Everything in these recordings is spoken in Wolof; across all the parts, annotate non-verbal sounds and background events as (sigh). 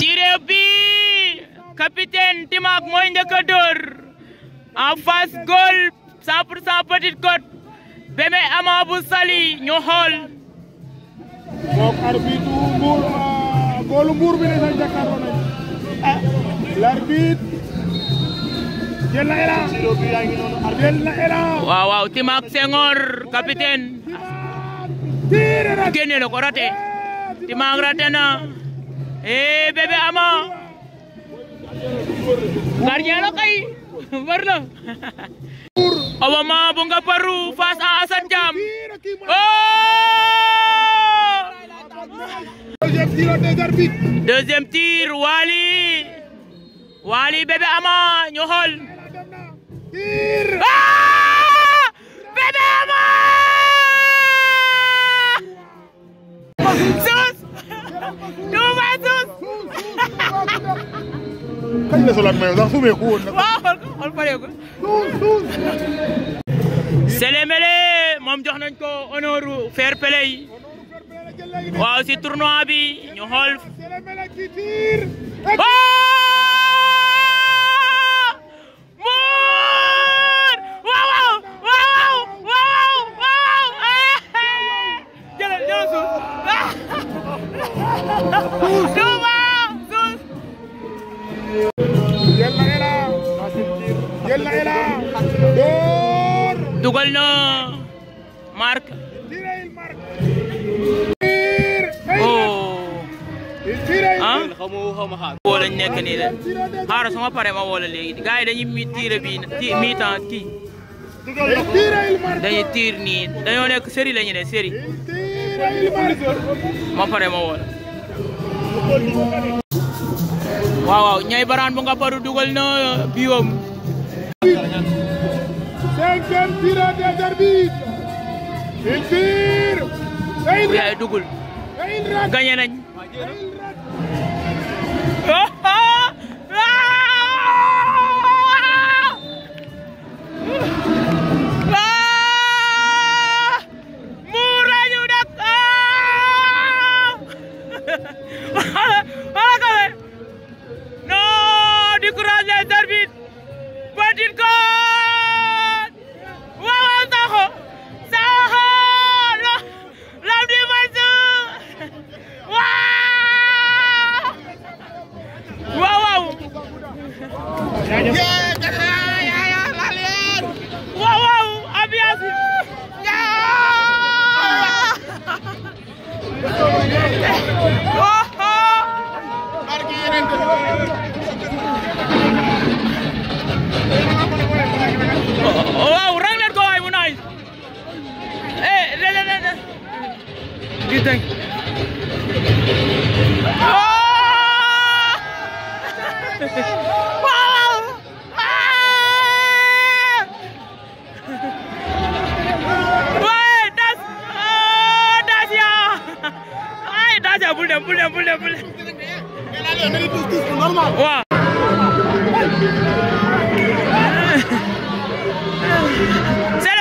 Tiré bi capitaine Timac moy ndeka dor en face goal 100% Petite Côte Bébé Ama sali ñu xool. donc arbitre Mbour góolu Mbour bi ne sa jàkkaarloo nañ ah l'arbitre jël na élan jël na élan. waaw waaw Timac Senghor capitaine. génne lo, ko raté Timac raté na. eh bébé Ama gardien la kay war Awa Ma bu nga paru face à Assane Thiam oh deuxième tir Wali Wali bébé Ama ñu kañ la solaat maillot sax sumeeku woon nag. waaw xool ko xool pareegul. Sélémélé moom jox nañ ko honneur fair play waaw si tournoi bi ñu xool. Who's (laughs) (laughs) dugal na marque ah woo nekk nii de su ma paree ma woo la léegi gars yi dañuy mi tiire bii mi tiir nii dañoo nekk série la ñu ne série ma pare ma woo la waaw ñay baraan bu nga paru dugal na uh, biwam cinquième tirage des arbitres. Une tire. Et une rate. Gagné nañ. Yeah, yeah, Wow, wow, Abias. waaw. Sele xoolal fee Sele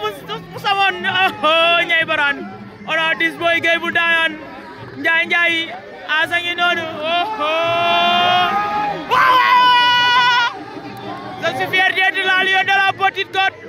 ka musamoon ñay oh, baran ono dis boy gay bu dayan njaay njaay asa ngi noonu oho oh. je suis fier d'être la lion de la petite côte (laughs)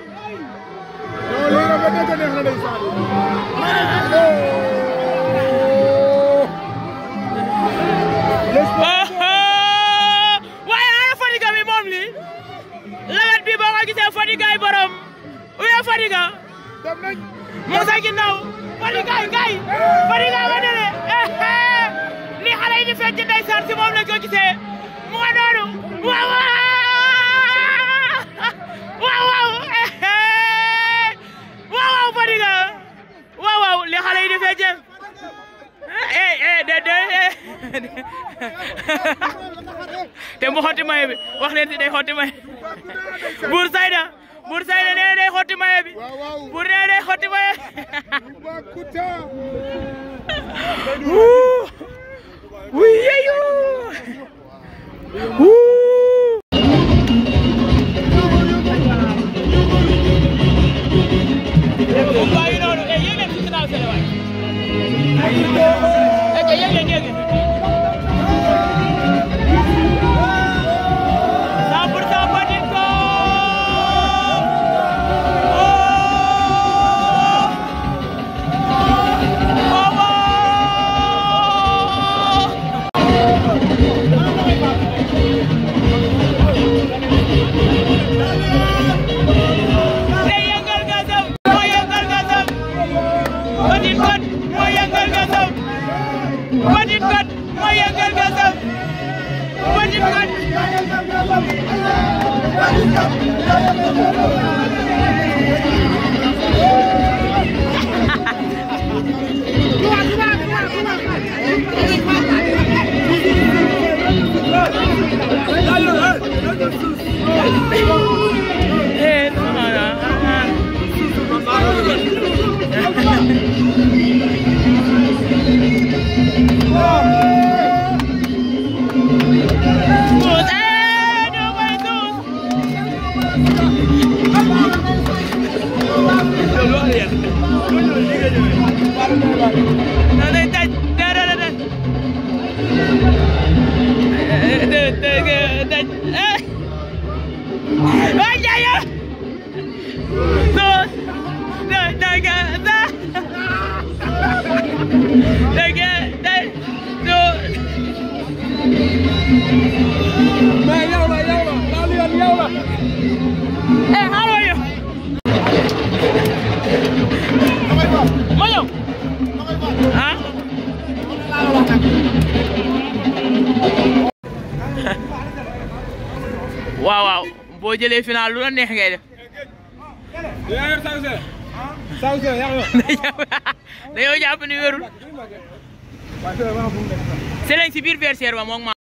(laughs) te mu xotti maye bi wax leen si day xotti maye buur sayda buur sayda nee na xotti maye bi buur nee na xotti maye (laughs) Thank you. Melhor waaw waaw boo jëlee final lu la neex ngay def. (laughs) dañoo jàpp ni wérul. c'est si biir verseer ba moom